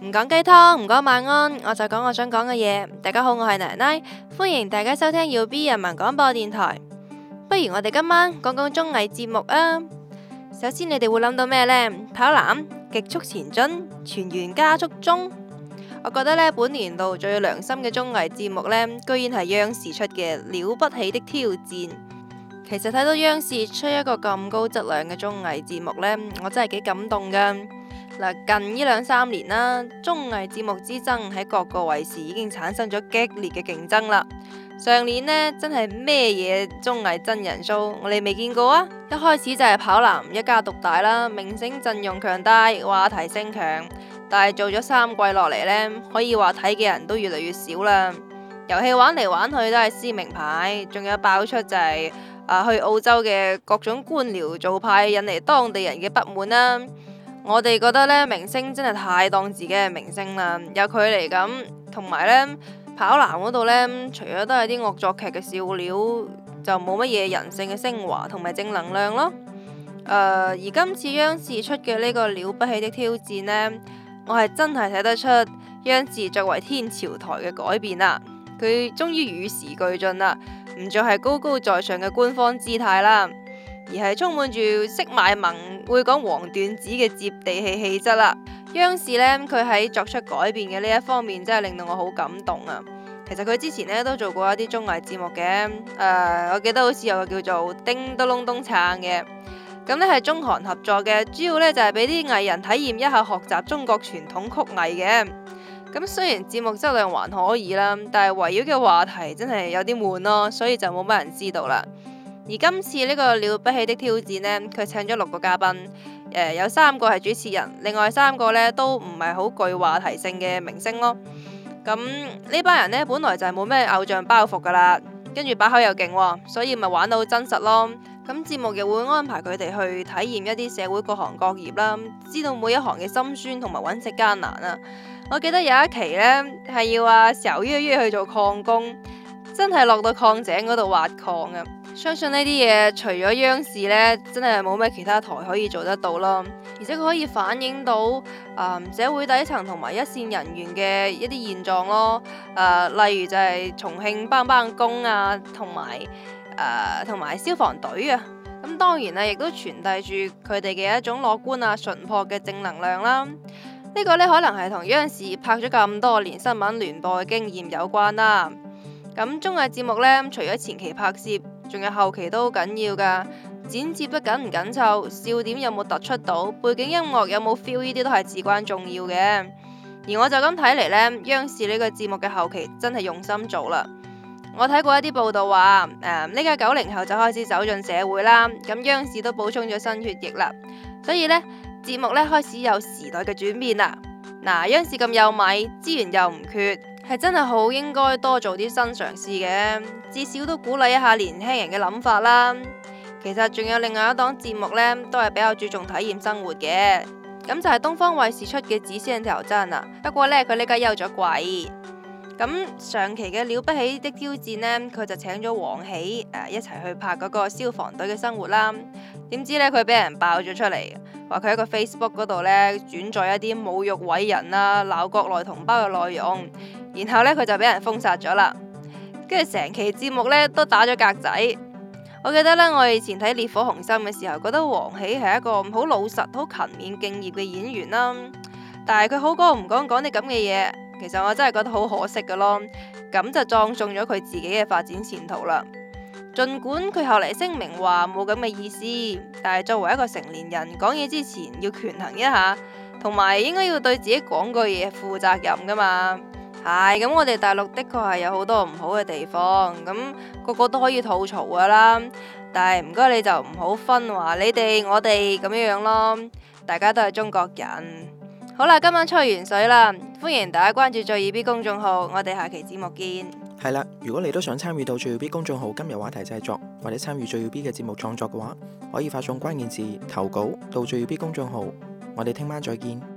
唔講雞湯，唔講晚安，我就講我想講嘅嘢。大家好，我係奶奶，歡迎大家收聽 YB 人民廣播電台。不如我哋今晚講講綜藝節目啊。首先，你哋會諗到咩呢？跑男、極速前進、全員加速中。我覺得呢，本年度最良心嘅綜藝節目呢，居然係央視出嘅《了不起的挑戰》。其實睇到央視出一個咁高質量嘅綜藝節目呢，我真係幾感動噶。近呢兩三年啦，綜藝節目之爭喺各個衛視已經產生咗激烈嘅競爭啦。上年呢，真係咩嘢綜藝真人 show，我哋未見過啊！一開始就係跑男一家獨大啦，明星陣容強大，話題性強。但係做咗三季落嚟呢，可以話睇嘅人都越嚟越少啦。遊戲玩嚟玩去都係撕名牌，仲有爆出就係、是、啊，去澳洲嘅各種官僚做派，引嚟當地人嘅不滿啦。我哋覺得咧，明星真係太當自己係明星啦，有距離感，同埋呢跑男嗰度呢，除咗都係啲惡作劇嘅笑料，就冇乜嘢人性嘅昇華同埋正能量咯。呃，而今次央視出嘅呢個了不起的挑戰呢，我係真係睇得出央視作為天朝台嘅改變啦，佢終於與時俱進啦，唔再係高高在上嘅官方姿態啦。而係充滿住識賣萌、會講黃段子嘅接地氣氣質啦。央視呢，佢喺作出改變嘅呢一方面，真係令到我好感動啊！其實佢之前呢都做過一啲綜藝節目嘅，誒、呃，我記得好似有個叫做叮叮叮叮叮《叮咚隆咚撐》嘅，咁呢係中韓合作嘅，主要呢就係俾啲藝人體驗一下學習中國傳統曲藝嘅。咁、嗯、雖然節目質量還可以啦，但係圍繞嘅話題真係有啲悶咯，所以就冇乜人知道啦。而今次呢、這個了不起的挑戰呢，佢請咗六個嘉賓，誒、呃、有三個係主持人，另外三個呢都唔係好具話題性嘅明星咯。咁呢班人呢，本來就係冇咩偶像包袱㗎喇，跟住把口又勁，所以咪玩到真實咯。咁、嗯、節目亦會安排佢哋去體驗一啲社會各行各業啦，知道每一行嘅心酸同埋搵食艱難啊。我記得有一期呢係要阿小於於去做礦工，真係落到礦井嗰度挖礦啊！相信呢啲嘢，除咗央視呢，真係冇咩其他台可以做得到咯。而且佢可以反映到啊、呃、社會底層同埋一線人員嘅一啲現狀咯。誒、呃，例如就係重慶幫幫工啊，同埋誒同埋消防隊啊。咁當然咧，亦都傳遞住佢哋嘅一種樂觀啊、純樸嘅正能量啦。呢、呢個呢，可能係同央視拍咗咁多年新聞聯播嘅經驗有關啦。咁綜藝節目呢，除咗前期拍攝，仲有後期都好緊要噶剪接得緊唔緊湊，笑點有冇突出到，背景音樂有冇 feel，呢啲都係至關重要嘅。而我就咁睇嚟呢，央視呢個節目嘅後期真係用心做啦。我睇過一啲報道話，誒、呃、呢個九零後就開始走進社會啦，咁央視都補充咗新血液啦，所以呢節目呢，開始有時代嘅轉變啦。嗱、呃，央視咁有米，資源又唔缺。係真係好應該多做啲新嘗試嘅，至少都鼓勵一下年輕人嘅諗法啦。其實仲有另外一檔節目呢，都係比較注重體驗生活嘅，咁就係東方衛視出嘅《極限挑戰》啦。不過呢，佢呢家休咗鬼。咁上期嘅《了不起的挑戰》呢，佢就請咗王喜誒、呃、一齊去拍嗰個消防隊嘅生活啦。點知呢，佢俾人爆咗出嚟。話佢喺個 Facebook 嗰度咧，轉載一啲侮辱偉人啦、鬧國內同胞嘅內容，然後呢，佢就俾人封殺咗啦，跟住成期節目呢都打咗格仔。我記得呢，我以前睇《烈火雄心》嘅時候，覺得王喜係一個好老實、好勤勉敬業嘅演員啦，但係佢好過唔講講啲咁嘅嘢，其實我真係覺得好可惜噶咯，咁就葬送咗佢自己嘅發展前途啦。盡管佢後嚟聲明話冇咁嘅意思，但係作為一個成年人，講嘢之前要權衡一下，同埋應該要對自己講句嘢負責任噶嘛。係、哎、咁，我哋大陸的確係有好多唔好嘅地方，咁個個都可以吐槽噶啦。但係唔該你就唔好分話你哋我哋咁樣樣咯，大家都係中國人。好啦，今晚吹完水啦，歡迎大家關注最耀 B 公眾號，我哋下期節目見。係啦，如果你都想參與到最耀 B 公眾號今日話題製作，或者參與最耀 B 嘅節目創作嘅話，可以發送關鍵字投稿到最耀 B 公眾號。我哋聽晚再見。